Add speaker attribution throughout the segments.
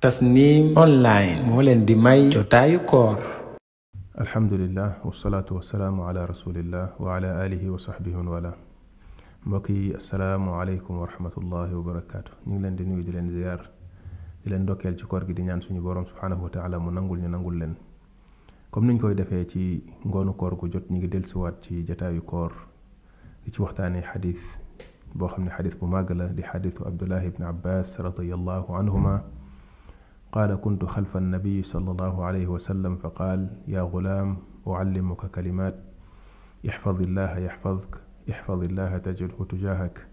Speaker 1: tasnim online moo leen di may jotaayu koor alhamdulilah wasalaatu wasalaamu ala rasulillah wa ala alihi wa sahbihi wa wala mbokk yi asalaamu alaykum wa rahmatullahi wa barakaatu ñu ngi leen di nuyu di leen ziar di leen dokkeel ci koor gi di ñaan suñu borom subhanahu wa taala mu nangul ñu nangul leen comme niñ koy defee ci ngoonu koor gu jot ñu ngi delsiwaat ci jataayu koor di ci waxtaanee xadis boo xam ne xadis bu màgg la di xadisu abdullah ibn abbas radiallahu anhuma mm -hmm. قال كنت خلف النبي صلى الله عليه وسلم فقال يا غلام أعلمك كلمات احفظ الله يحفظك احفظ الله تجده تجاهك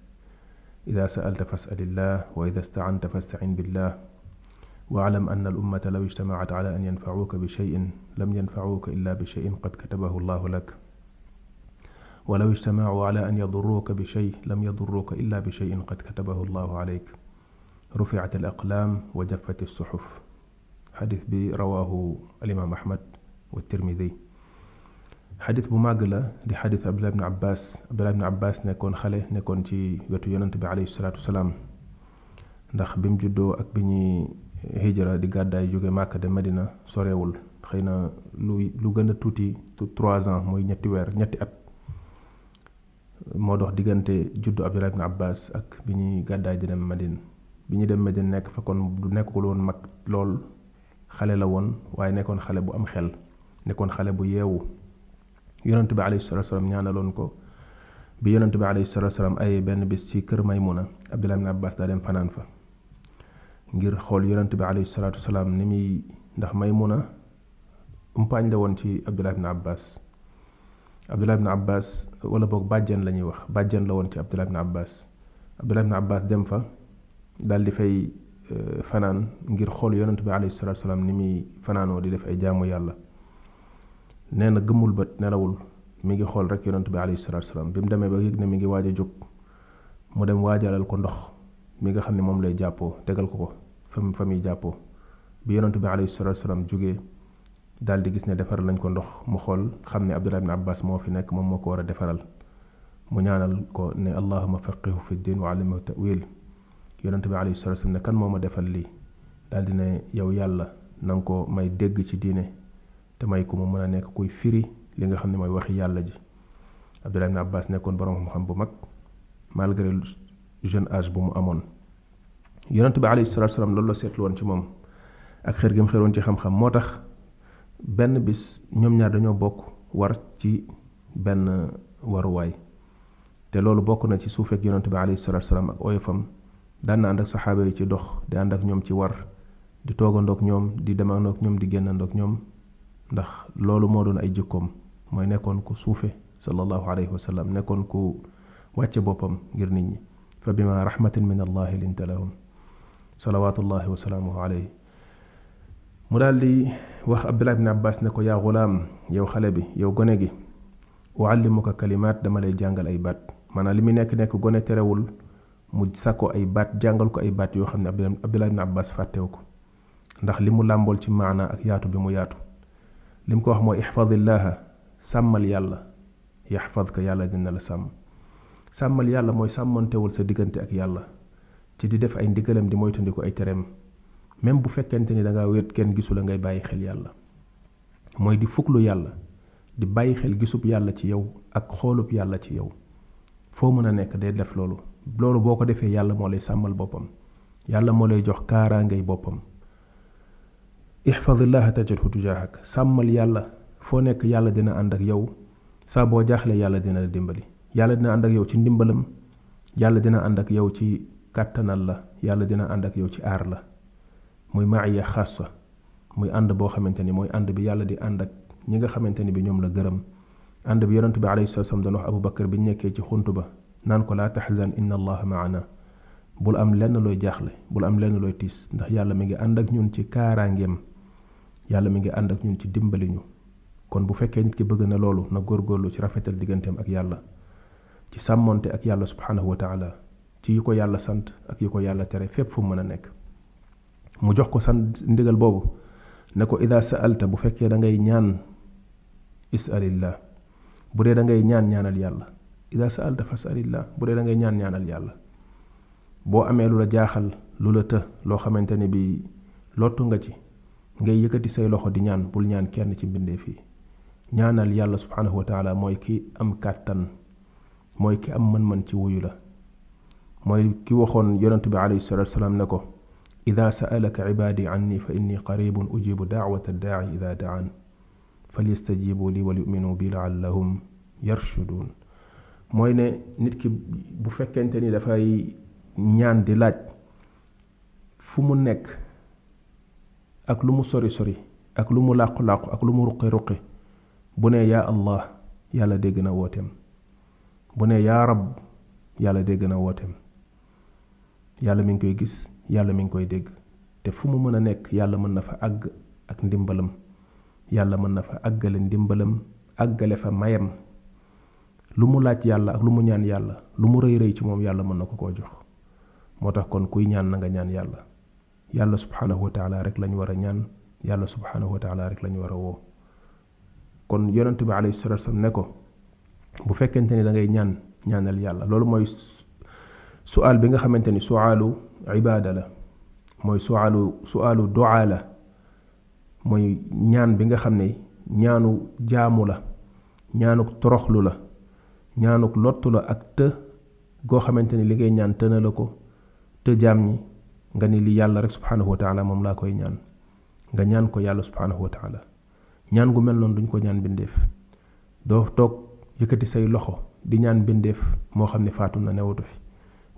Speaker 1: إذا سألت فاسأل الله وإذا استعنت فاستعن بالله واعلم أن الأمة لو اجتمعت على أن ينفعوك بشيء لم ينفعوك إلا بشيء قد كتبه الله لك ولو اجتمعوا على أن يضروك بشيء لم يضروك إلا بشيء قد كتبه الله عليك رفعت الأقلام وجفت الصحف حديث بي رواه الإمام أحمد والترمذي xadis bu màgg la di xadis abdullah ibn abbas abdullah ibn abbas nekkoon xale nekkoon ci wetu yonent bi alayhi salatu wasalaam ndax bi mu ak bi hijra di gàddaay jóge màkk de medina sorewul xëy na lu lu gën a tuuti trois ans mooy ñetti weer ñetti at moo dox diggante juddu abdullah ibn abbas ak bi ñuy gàddaay di dem madina bi ñu dem medina nekk fa kon du nekkul woon mag lool xale la woon waaye nekkoon xale bu am xel nekkoon xale bu yeewu yonent bi alayhi salatu wasalam ñaanaloon ko bi yonent bi alayhi salatu wasalam ay benn bis ci kër maymuna abdullah ibn abbas daa dem fanaan fa ngir xool yonent bi alayhi salatu wasalam ni muy ndax maymuna umpaañ la woon ci abdullah ibn abbas abdullah ibn abbas wala boog bàjjen la ñuy wax bàjjen la woon ci abdullah ibn abbas abdullah ibn abbas dem fa dal di fay fanaan ngir xool yonent bi alayhi salatu salaam ni muy fanaanoo di def ay jaamu yàlla nee na gëmmul bët nelawul mi ngi xool rek yonent bi alayhi salatu salaam bi mu demee ba yëg ne mi ngi waaj a jóg mu dem waajalal ko ndox mi nga xam ne moom lay jàppoo tegal ko ko fam fa muy jàppoo bi yonent bi alayhi salatu salaam jógee dal di gis ne defar lañ ko ndox mu xool xam ne abdullah ibn abbas moo fi nekk moom moo ko war a defaral mu ñaanal ko ne allahuma faqihu fi ddin wa allimhu tawil yonent bi alayhi salatu ne kan moma defal li daldi ne yow yalla nang ko may deg ci dine te may ko mo meuna nek nekk kuy firi li nga xamne moy waxi yàlla ji abdullah ibn abbas nekkon borom xam-xam bu mag malgré jeune âge bu mu amone yonente bi alayhi salatu wasallam loolu setlu won ci mom ak xër gi mu xëroon ci xam-xam motax ben bis ñom ñaar dañu bok war ci benn waruwaay te loolu bokk na ci suufeeg yonente bi alayhi salatu salaam ak oyofam dan na andak sahaba yi ci dox di andak ñom ci war di toogandoog ñom di demandoog ñom di génnandoog ñom ndax lolu moo doon ay jikkom moy nekkon ku soufey sallallahu alayhi wa sallam nekkoon ku wàcce bopam ngir nit ñi fa bima rahmatin min allah linta lahum salawatullahi wa salamuhu alayhi mu daldi wax abdullah ibn abbas ne ko ya gulaam yow xale bi yow gone gi uallimuka kalimat dama lay jàngal ay bat mana limi nek nek gone terewul mu sako ay baat jàngal ko ay baat yoo xam ne abdullah ibn abbas fàttewu ko ndax li mu làmbool ci maana ak yaatu bi mu yaatu lim ko wax mooy ixfadillaha sàmmal yàlla yaxfad ka yàlla dina la sàmm sàmmal yàlla mooy sàmmantewul sa diggante ak yàlla ci di def ay ndigalam di moytandiku ay tereem même bu fekkente ni da ngaa wéet kenn gisula ngay bàyyi xel yàlla mooy di fuklu yàlla di bàyyi xel gisub yàlla ci yow ak xoolub yàlla ci yow foo mën a nekk day def loolu loolu boo ko defee yàlla moo lay sàmmal boppam yàlla moo lay jox kaaraangay boppam ixfadillaha tajidhu tujaahak sàmmal yàlla foo nekk yàlla dina ànd ak yow saa boo jaaxle yàlla dina la dimbali yàlla dina ànd ak yow ci ndimbalam yàlla dina ànd ak yow ci kàttanal la yàlla dina ànd ak yow ci aar la muy maaya xassa muy ànd boo xamante ni mooy ànd bi yàlla di ànd ak ñi nga xamante ni bi ñoom la gërëm ànd bi yonent bi alayhi salaam doon wax abou bakar bi ñu nekkee ci xuntu ba naan ko laa taxzan inna allah maana bul am lenn looy jaaxle bul am lenn looy tiis ndax yàlla mi ngi ànd ak ñun ci kaaraangeem yàlla mi ngi ànd ak ñun ci dimbali kon bu fekkee nit ki bëgg na loolu na góorgóorlu ci rafetal digganteem ak yàlla ci sàmmonte ak yàlla subhanahu wa taala ci yi ko yàlla sant ak yi ko yàlla tere fépp fu mën a nekk mu jox ko sant ndigal boobu ne ko ida sa'alta bu fekkee da ngay ñaan is'alillah bu dee da ngay ñaan ñaanal yàlla ida saalta fasalillah bu dee da ñaan ñaanal yàlla boo amee lu la jaaxal lu la të loo xamante ne bi lottu nga ci ngay yëkkati say loxo di ñaan bul ñaan kenn ci mbindee fii ñaanal yàlla subhaanahu wa taala mooy ki am kàttan mooy ki am man man ci wuyu la mooy ki waxoon yonent bi alayhi salatu wasalaam ne ko ida saalaka ibaadi anni fa inni qaribun ujibu daawata daai ida daan falyastajibu li walyuminu bi laallahum yarshuduun mooy ne nit ki bu fekkente ni dafay ñaan di laaj fu mu nekk ak lu mu sori sori ak lu mu làqu-làqu ak lu mu ruqi-ruqi bu ne yaa allah yàlla dégg na wooteem bu ne yaa rab yàlla dégg na wooteem yàlla mi ngi koy gis yàlla mi ngi koy dégg te fu mu mën a nekk yàlla mën na fa àgg ak ndimbalam yàlla mën na fa àggale ndimbalam àggale fa mayam lu mu laaj yalla, ak lu mu ñaan yàlla lu mu rëy rëy ci moom yàlla mën na ko koo jox moo tax kon kuy ñaan na nga ñaan yàlla yàlla subhanahu wa taala rek lañ war ñaan yàlla subhanahu wa taala rek lañ war a kon yonent bi alayhi salatu wasallam ne ko bu fekkente ni da ngay ñaan ñaanal yàlla loolu mooy sual bi nga xamante soalu sualu ibada la mooy sualu sualu doa la mooy ñaan bi nga xam ne ñaanu jaamu la ñaanu toroxlu la ñaanuk lottu la ak të goo xamante ni li ngay ñaan tëna la ko te jaam ñi nga ni li yàlla rek subhanahu wa taala moom laa koy ñaan nga ñaan ko yàlla subhanahu wa taala ñaan gu mel noonu duñ ko ñaan bindeef doo toog yëkkati say loxo di ñaan bindeef moo xam ne faatu na newatu fi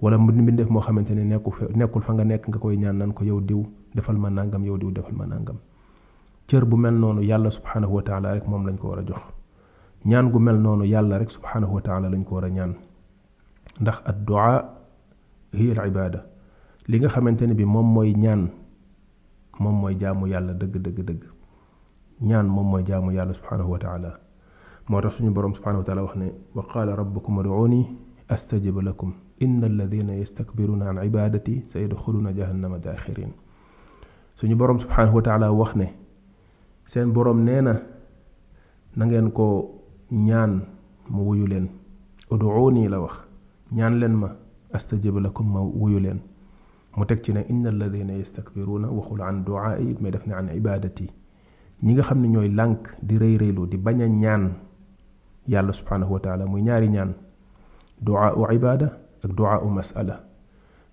Speaker 1: wala mbindeef moo xamante ne nekku nekkul fa nga nekk nga koy ñaan nan ko yow diw defal ma nangam yow diw defal ma nangam cër bu mel noonu yàlla subhanahu wa taala rek moom lañ ko war a jox ñaan gu mel noonu yàlla rek subhanahu wa taala lañ ko war a ñaan ndax ad du'a hi al ibada li nga xamantene bi mom moy ñaan mom moy jaamu yàlla dëgg dëgg dëgg ñaan mom moy jaamu yàlla subhanahu wa taala motax suñu borom subhanahu wa ta'ala wax ne wa qala rabbukum ud'uni astajib lakum ان الذين يستكبرون عن ibadati سيدخلون جهنم داخرين سني بروم subhanahu wa ta'ala سين بروم نينا نانغين كو ko ñaan ma wuyu leen uduuni la wax ñaan leen ma astajib lakum ma wuyu leen mu teg ci ne la inna alladina yastakbiruuna waxul an duaai may def ne an ibadati ñi nga xam ne ñooy lànk di rey rëylu di bañ a ñaan yàlla subhanahu wa muy ñaari ñaan duaa u ibada ak duaa u masala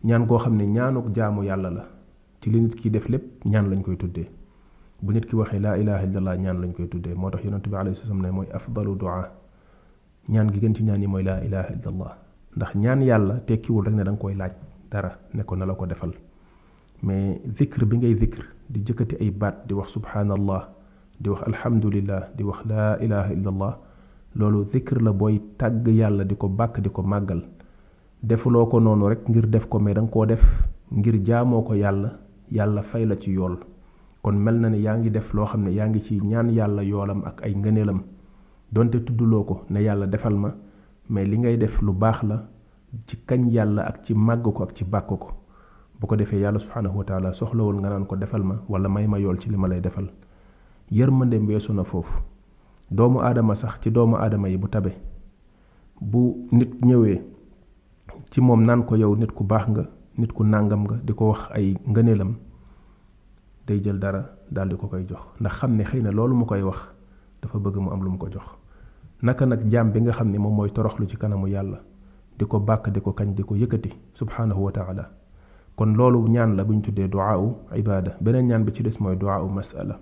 Speaker 1: ñaan koo xam ne ñaanuk jaamu yàlla la ci li nit ki def lépp ñaan lañ koy tuddee bu nit ki waxe la ilaha illallah ñaan lañ koy tuddé motax tax yonente bi alayhi salam ne moy afdalu dua ñaan gi gën ci ñaan yi moy la ilaha illallah ndax ñaan yàlla tekki wul rek ne dang koy laaj dara ne ko na la ko defal mais zikr bi ngay zikr di jëkëti ay baat di wax subhanallah di wax alhamdulillah di wax la ilaha illallah loolu zikr la boy tàgg yàlla di ko bàkk di ko màggal defuloo ko noonu rek ngir def ko mais dang nga koo def ngir jaamoo ko yàlla yàlla fay la ci yool kon mel na ne yaa ngi def loo xam ne yaa ngi ci ñaan yàlla yoolam ak ay ngëneelam donte tudduloo ko ne yàlla defal ma mais li ngay def lu baax la ci kañ yàlla ak ci màgg ko ak ci bàkk ko bu ko defee yàlla subhaanahu wa taala soxlawul nga naan ko defal ma wala may ma yool ci li ma lay defal yërmande weesu na foofu doomu aadama sax ci doomu aadama yi bu tabe bu nit ñëwee ci moom naan ko yow nit ku baax nga nit ku nàngam nga di ko wax ay ngëneelam day jël dara dal di ko koy jox ndax xam ne xëy na loolu mu koy wax dafa bëgg mu am lu mu ko jox naka nag jaam bi nga xam ne moom mooy toroxlu ci kanamu yàlla di ko bàkk di ko kañ di ko yëkkati subhanahu wa taala kon loolu ñaan la buñ ñu tuddee duaawu ibada beneen ñaan bi ci des mooy duaawu masala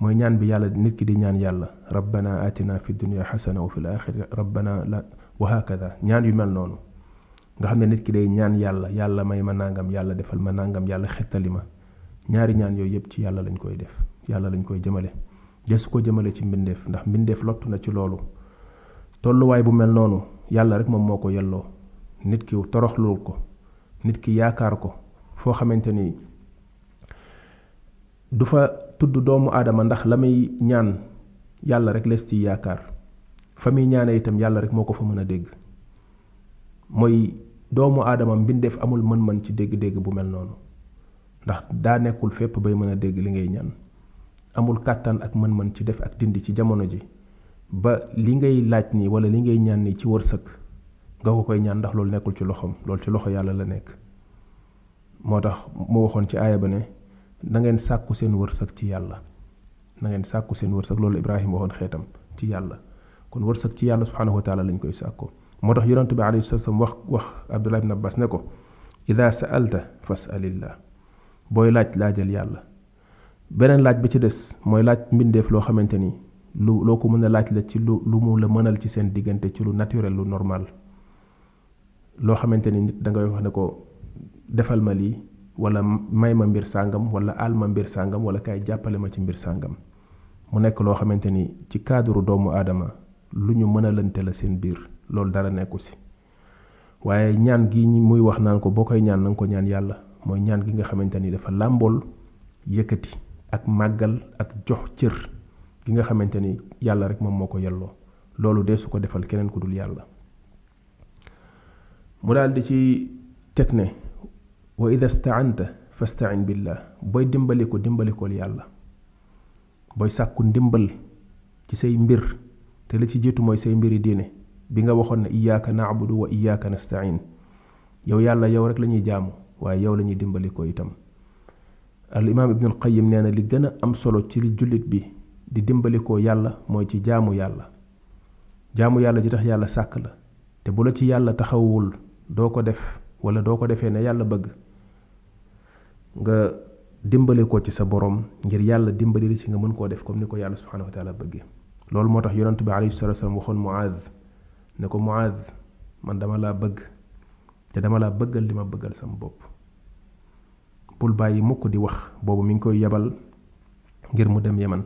Speaker 1: mooy ñaan bi yàlla nit ki di ñaan yàlla rabbana atina fi dunya xasana wa fi laxira rabbana la wa hakada ñaan yu mel noonu nga xam ne nit ki day ñaan yàlla yàlla may ma nangam yàlla defal ma nangam yàlla xettali ma ñaari ñaan yooyu yëpp ci yàlla lañ koy def yàlla lañ koy jëmale desu ko jëmale ci mbindeef ndax mbindeef lottu na ci loolu tolluwaay bu mel noonu yàlla rek moom moo ko yelloo nit ki toroxlul ko nit ki yaakaar ko foo xamante ni du fa tudd doomu aadama ndax la muy ñaan yàlla rek lees ci yaakaar fa muy ñaane itam yàlla rek moo ko fa mën a dégg mooy doomu aadama mbindeef amul mën-mën ci dégg-dégg bu mel noonu ndax daa nekkul fépp bay mën a dégg li ngay ñaan amul kàttan ak man man ci def ak dindi ci jamono ji ba li ngay laaj nii wala li ngay ñan nii ci wërsëg nga ko koy ñaan ndax loolu nekkul ci loxoom loolu ci loxo yàlla la nekk moo tax mu waxoon ci aaya ba ne na ngeen sàkku seen wërsëg ci yàlla na ngeen sàkku seen wërsëg loolu Ibrahima waxoon xeetam ci yàlla kon wërsëg ci yàlla subhanahu wa taala lañ koy sàkko moo tax yonante bi alayhi salaam wax wax Abdullah na Abbas ne ko ida sa'alta fas'alillah booy laaj laajal yàlla beneen laaj bi ci des mooy laaj mbindeef loo xamante ni lu loo ko mën a laaj la ci lu lu mu la mënal ci seen diggante ci lu naturel lu normal loo xamante ni nit da ngay wax ne ko defal ma lii wala may ma mbir sàngam wala aal ma mbir sàngam wala kaay jàppale ma ci mbir sàngam mu nekk loo xamante ni ci cadre doomu aadama lu ñu mën a lante la seen biir loolu dara nekku si waaye ñaan gi muy wax naan ko boo koy ñaan na ko ñaan yàlla mooy ñaan gi nga xamante ni dafa làmbool yëkkati ak màggal ak jox cër gi nga xamante ni yàlla rek moom moo ko yelloo loolu dee su ko defal keneen ku dul yàlla mu daal di ci teg ne wa ida staanta fastain billah booy dimbali ko dimbalikool yàlla booy sàkku ndimbal ci say mbir te la ci jiitu mooy say mbiri diine bi nga waxoon ne iyaaka naabudu wa iyaaka nastain yow yàlla yow rek lañuy jaamu waaye yow la ñuy dimbali ko itam al imam ibnul qayim nee na li gën a am solo ci li jullit bi di dimbali ko yàlla mooy ci jaamu yàlla jaamu yàlla ji tax yàlla sàkk la te bu la ci yàlla taxawul doo ko def wala doo ko defee ne yàlla bëgg nga dimbali ko ci sa borom ngir yàlla dimbali la ci nga mën koo def comme ni ko yàlla subhanahu wa taala bëgge loolu moo tax yonante bi alayhi salatu wasalam waxoon muaz ne ko muaz man dama laa bëgg te dama laa bëggal li ma bëggal sama bopp bul bàyyi mukk di wax boobu mi ngi koy yebal ngir mu dem yeman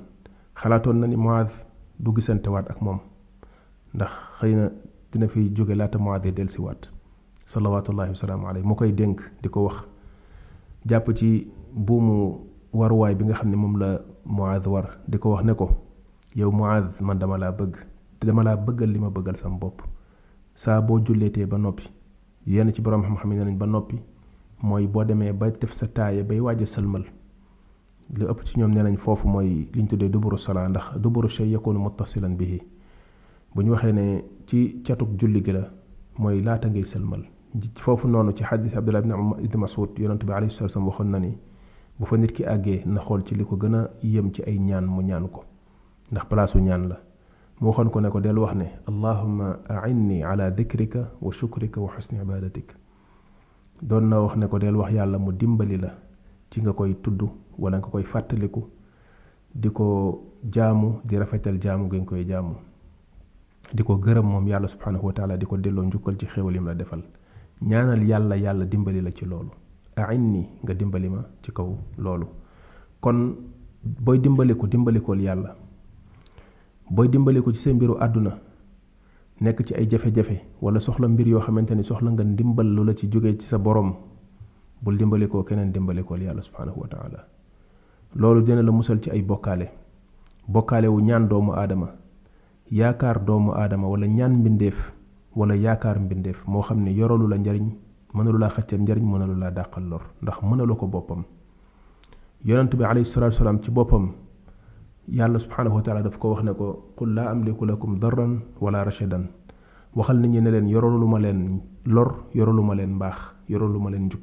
Speaker 1: xalaatoon na ni Muaaz du gisantewaat ak moom ndax xëy na dina fi jóge laata Muaaz di dellusiwaat salawaatullahi wasalaamu alayhi mu koy dénk di ko wax jàpp ci buumu waruwaay bi nga xam ne moom la Muaaz war di ko wax ne ko yow Muaaz man dama laa bëgg te dama laa bëggal li ma bëggal sama bopp saa boo julleetee ba noppi yenn ci borom xam-xam yi ne nañ ba noppi mooy boo demee ba def sa taaya bay waaj a sëlmal lu ëpp ci ñoom nee nañ foofu mooy li ñu tuddee duburu salaa ndax duburu shay yakunu muttasilan bihi bu ñu waxee ne ci catuk julli gi la mooy laata ngay sëlmal foofu noonu ci xadis abdullah ibn masud yonent bi alayhi salaam waxoon na ni bu fa nit ki àggee na xool ci li ko gën a yëm ci ay ñaan mu ñaan ko ndax palaasu ñaan la mu waxoon ko ne ko dellu wax ne allahumma ainni ala dikrika wa shukrika wa xusni ibadatik doon na wax ne ko del wax yàlla mu dimbali la ci nga koy tudd wala nga koy fàttaliku di ko jaamu di rafetal jaamu nga koy jaamu di ko gërëm moom yàlla subhanahu wa taala di ko delloo njukkal ci xéewal yim la defal ñaanal yàlla yàlla dimbali la ci loolu nii nga dimbali ma ci kaw loolu kon booy dimbaliku dimbalikool yàlla booy dimbaliku ci seen mbiru àdduna nekk ci ay jafe-jafe wala soxla mbir yoo xamante ni soxla nga dimbal lu la ci jóge ci sa borom bul dimbalikoo keneen dimbalikool yàlla subhanahu wa taala loolu dina la musal ci ay bokkaale bokkaale wu ñaan doomu aadama yaakaar doomu aadama wala ñaan mbindeef wala yaakaar mbindeef moo xam ne yoralu la njariñ mënalu laa xëccal njariñ mënalu laa dàqal lor ndax mënalu ko boppam yonent bi alayhi salatu salaam ci boppam yàlla subhaanahu wa taala daf ko wax ne ko qul laa amliku lakum darran wala rashadan waxal nit ñi ne leen yoralu ma leen lor yoralu ma leen mbaax yoralu ma leen njub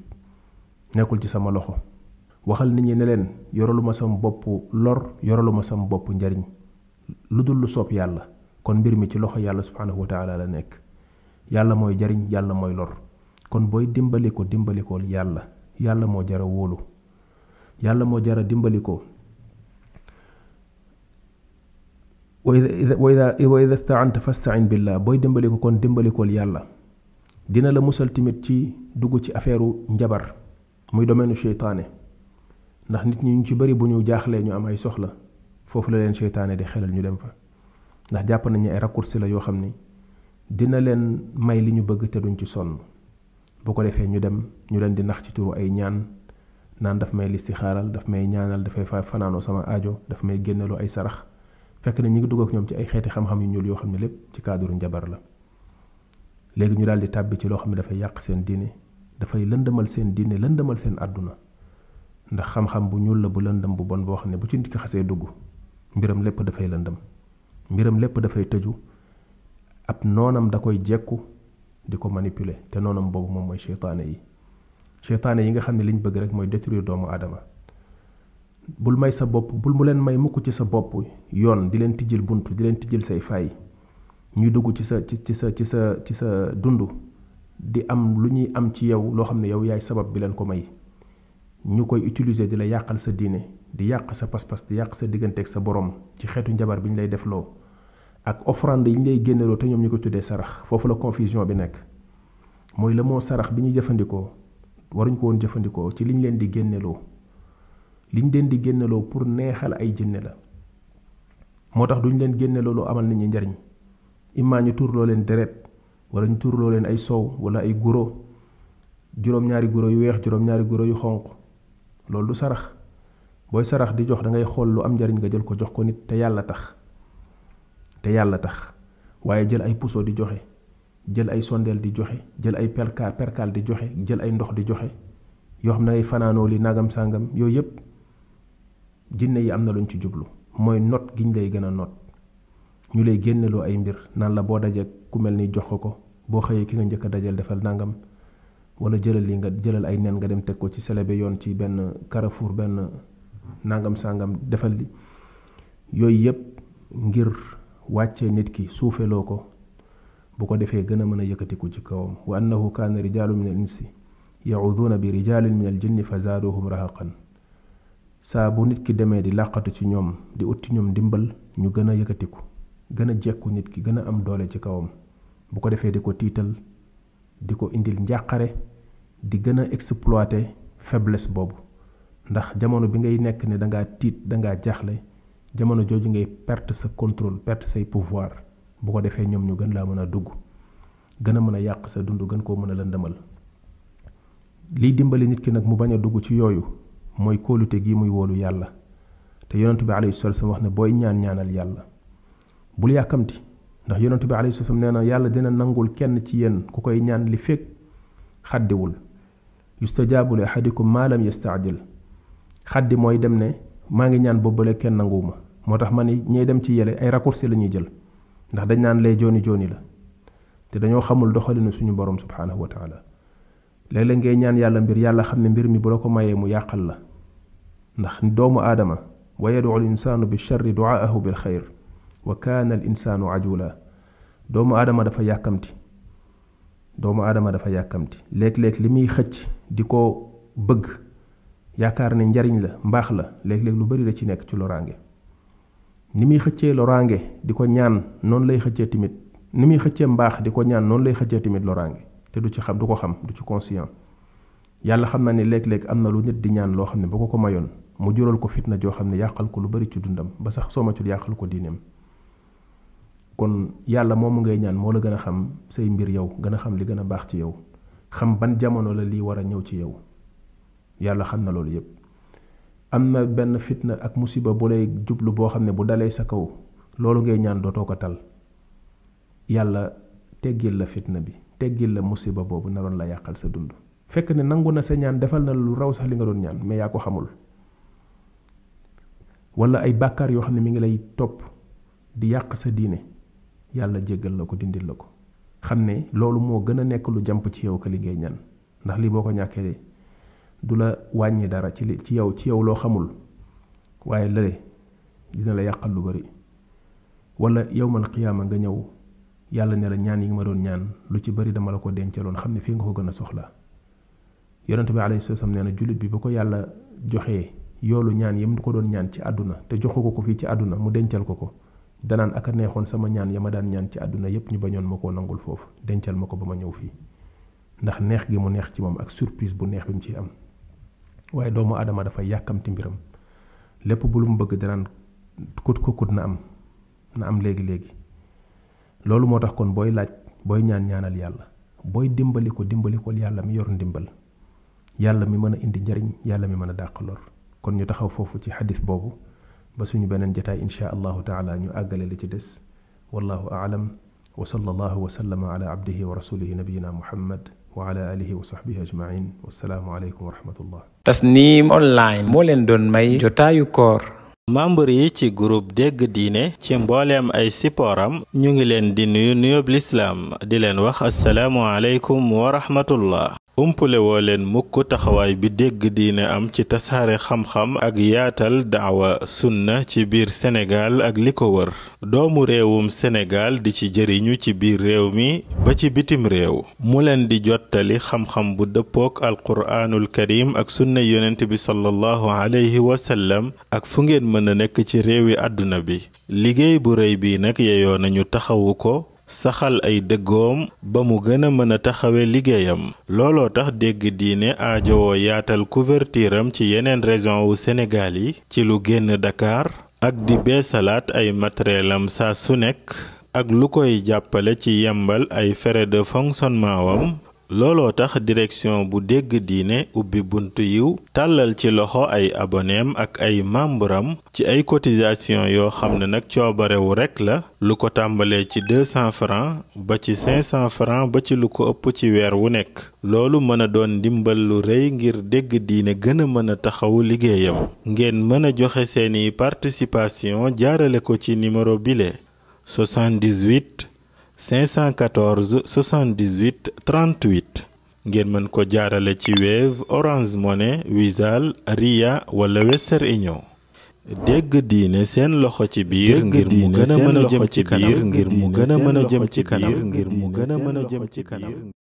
Speaker 1: nekkul ci sama loxo waxal nit ñi ne leen yoralu ma sam bopp lor yoralu ma sam bopp njariñ lu dul lu soob yàlla kon mbir mi ci loxo yàlla subhaanahu wa taala la nekk yàlla mooy jariñ yàlla mooy lor kon booy dimbali ko dimbalikool yàlla yàlla moo jara wóolu yàlla moo jara dimbalikoo وإذا إذا وإذا استعنت فاستعن بالله بوي ديمبالي كو كون ديمبالي كول يالا دينا لا موسال تيميت تي دوغو تي افيرو نجابار موي دومينو شيطاني ناخ نيت ني نتي بري بونيو جاخلي ني ام اي سوخلا فوف لا لين شيطاني دي خلال ني ديم فا ناخ جاب نا ني راكورسي لا يو خامني دينا لين ماي لي ني بëgg تي دون تي سون بوكو ديفه ني ديم ني لين دي ناخ تي تورو اي نيان نان داف ماي لي داف ماي نيانال دافاي فا سما اديو داف ماي گينالو اي سارخ fekk na ñu ngi dugg ñoom ci ay xeeti xam-xam yu ñuul yoo xam ne lépp ci cadre njabar la léegi ñu daal di tàbbi ci loo xam ne dafay yàq seen diine dafay lëndëmal seen diine lëndëmal seen àdduna ndax xam-xam bu ñuul la bu lëndëm bu bon boo xam ne bu ci nit xasee dugg mbiram lépp dafay lëndëm mbiram lépp dafay tëju ab noonam da koy jekku di ko manipuler te noonam boobu moom mooy seytaane yi seytaane yi nga xam ne liñ bëgg rek mooy détruire doomu aadama bul may sa bopp bul mu leen may mukk ci sa bopp yoon di leen tijjil bunt di leen tijjil say fay ñuy dugg ci sa ci sa ci sa ci sa dund di am lu ñuy am ci yow loo xam ne yow yaay sabab bi leen ko may ñu koy utiliser di la yàqal sa diine di yàq sa pas-pas di yàq sa digganteeg sa borom ci xeetu njabar bi ñu lay def loo ak offrande yi ñu lay génneeloo te ñoom ñu ko tuddee sarax foofu la confusion bi nekk mooy la moo sarax bi ñu jëfandikoo waruñ ko woon jëfandikoo ci liñ leen di génneloo liñ leen di génneloo pour neexal ay jinne la moo tax duñ leen génneloo lu amal nit njariñ immaa ñu turloo leen deret wala ñu turloo leen ay soow wala ay guro juróom-ñaari guro yu weex juróom-ñaari guro yu xonq loolu du sarax booy sarax di jox dangay xool lu am njariñ nga jël ko jox ko nit te yàlla tax te yàlla tax waaye jël ay puso di joxe jël ay sondeel di joxe jël ay perkaal perkaal di joxe jël ay ndox di joxe yoo xam ne ay fanaanoo li nagam sàngam yooyu yépp jinne yi am na luñ ci jublu mooy not giñ lay gën a not ñu lay génneloo ay mbir naan la boo dajee ku mel ni jox ko boo xëyee ki nga njëkk a dajal defal nangam wala jëlal li nga jëlal ay nen nga dem teg ko ci selebe yoon ci benn carrefour benn nangam sangam defal li yooyu yépp ngir wàccee nit ki suufeloo ko bu ko defee gën a mën a yëkkatiku ci kawam wa annahu kaana rijaalu min al insi yacuduuna bi rijaalin min al jinni fa zaaduhum rahaqan saa bu nit ki demee di làqatu ci ñoom di ut ci ñoom dimbal ñu gën a yëkkatiku gën a jekku nit ki gën a am doole ci kawam bu ko defee di ko tiital di ko indil njàqare di gën a exploiter faiblesse boobu ndax jamono bi ngay nekk ne danga tiit dangaa jaaxle jamono jooju ngay perte sa contrôle perte say pouvoir bu ko defee ñoom ñu gën laa mën a dugg gën a mën a yàq sa dund gën koo mën a lëndëmal liy dimbali nit ki nag mu bañ a dugg ci yooyu mooy kóolute gi muy wóolu yàlla te yonentu bi alayhi salatu wax ne booy ñaan ñaanal yàlla bul yàkkamti ndax yonentu bi alayhi salatu nee na yàlla dina nangul kenn ci yéen ku koy ñaan li fekk xaddiwul yustajabu li ahadikum ma lam yastaajil xaddi mooy dem ne maa ngi ñaan bële kenn nanguwuma moo tax ma ni ñey dem ci yele ay raccourci la ñuy jël ndax dañ naan lay jooni jooni la te dañoo xamul doxalinu suñu borom subhanahu wa ta'ala léeg-léeg ngay ñaan yàlla mbir yàlla xam ne mbir mi bu la ko mayee mu yàqal la ndax doomu aadama wa al insaanu bi charri duaahu bil xayr wa kaana al insaanu ajula doomu aadama dafa yàkkamti doomu aadama dafa yàkkamti léeg-léeg li muy xëcc di ko bëgg yaakaar ne njariñ la mbaax la léeg-léeg lu bari la ci nekk ci loraange ni muy xëccee loraange di ko ñaan noonu lay xëccee timit ni muy xëccee mbaax di ko ñaan noonu lay xëccee timit loraange te du ci xam du ko xam du ci conscient yàlla xam na ne léeg-léeg am na lu nit di ñaan loo xam ne bu ko ko mayoon mu jural ko fitna joo xam ne yàqal ko lu bari ci dundam ba sax soomatul yàqal ko diineem kon yàlla moomu ngay ñaan moo la gën a xam say mbir yow gën a xam li gën a baax ci yow xam ban jamono la lii war a ñëw ci yow yàlla xam na loolu yépp am na benn fitna ak musiba bu lay jublu boo xam ne bu dalee sa kaw loolu ngay ñaan dootoo ko tal yàlla teggil la fitna bi teggil la musiba boobu naroon la yàqal sa dund fekk ne nangu na sa ñaan defal na lu raw sax li nga doon ñaan mais yaa ko xamul wala ay bàkkaar yoo xam ne mu ngi lay topp di yàq sa diine yàlla jéggal na ko dindil la ko xam ne loolu moo gën a nekk lu jàmp ci yow ka li ngay ñaan ndax lii boo ko ñàkkee du la wàññi dara ci li ci yow ci yow loo xamul waaye lële dina la yàqal lu bari wala yowmal qiyaama nga ñëw yàlla ne la ñaan yi nga ma doon ñaan lu ci bari dama la ko dencaloon xam ne fii nga ko gën a soxla yonent bi alayhi nee na julit bi bu ko yàlla joxee yoolu ñaan yam ko doon ñaan ci àdduna te joxu ko ko fii ci àdduna mu dencal ko ko danaan ak a neexoon sama ñaan yama daan ñaan ci àdduna yépp ñu bañoon ma koo nangul foofu dencal ma ko ba ma ndax neex gi mu neex ci moom ak surprise bu neex bi mu am waaye doomu aadama dafa yàkkamti mbiram lépp bu lu mu bëgg danaan kut ko kut na am na am léegi léegi loolu moo tax kon booy laaj booy ñaan ñaanal yàlla booy dimbali ko dimbali ko yàlla mi yor ndimbal yàlla mi mën a indi njariñ yàlla mi mën a lor kon ñu taxaw foofu ci xadis boobu ba suñu beneen jataay insha allahu taala ñu àggale li ci des wallahu aalam wa sallallahu wa sallama ala abdihi wa rasulihi nabiyina muhammad وعلى آله وصحبه أجمعين والسلام عليكم ورحمة الله
Speaker 2: تسنيم أونلاين مولن دون ماي جوتايو كور membre yi ci groupe dégg diine ci mbooleem ay sipooram ñu ngi leen di nuyu nuyoob lislaam di leen wax asalaamu aleykum wa rahmatullah umpule woo leen mukk taxawaay bi dégg diine am ci tasaare xam-xam ak yaatal daawa sunna ci biir senegaal ak li ko wër doomu réewum Sénégal di ci jëriñu ci biir réew mi ba ci bitim réew mu leen di jottali xam-xam bu dëppook alquraanul karim ak sunna yonent bi sallallahu alayhi wa ak fu ngeen mën a nekk ci réewi àdduna bi liggéey bu rëy bi nag yeyoo nañu taxawu ko saxal ay dëggoom ba mu gën a mën a taxawe liggéeyam looloo tax dégg diine aajowoo yaatal couverture am ci yeneen région wu Sénégal yi ci lu génn Dakar ak di beesalaat ay matériel am saa su nekk ak lu koy jàppale ci yembal ay frais de fonctionnement wam looloo tax direction bu dégg diine ubbi buntu yiw tàllal ci loxo ay aboneem ak ay membram ci ay cotisation yoo xam ne nag coobarewu rekk la lu ko tàmbalee ci 200 francs ba ci 500 francs ba ci lu ko ëpp ci weer wu nekk loolu mën a doon ndimbal lu rëy ngir dégg diine gën a mën a taxawu liggéeyam ngeen mën a joxe seeni participation jaarale ko ci numéro bile 78 514 78 38 ngeen mën ko jaarale ci Wave Orange Money Wizall Ria wala Western dégg diine seen loxo ci biir ngir mu gën a mën a jëm ci kanam ngir mu gën a mën a jëm ci kanam ngir mu gën a mën a jëm ci kanam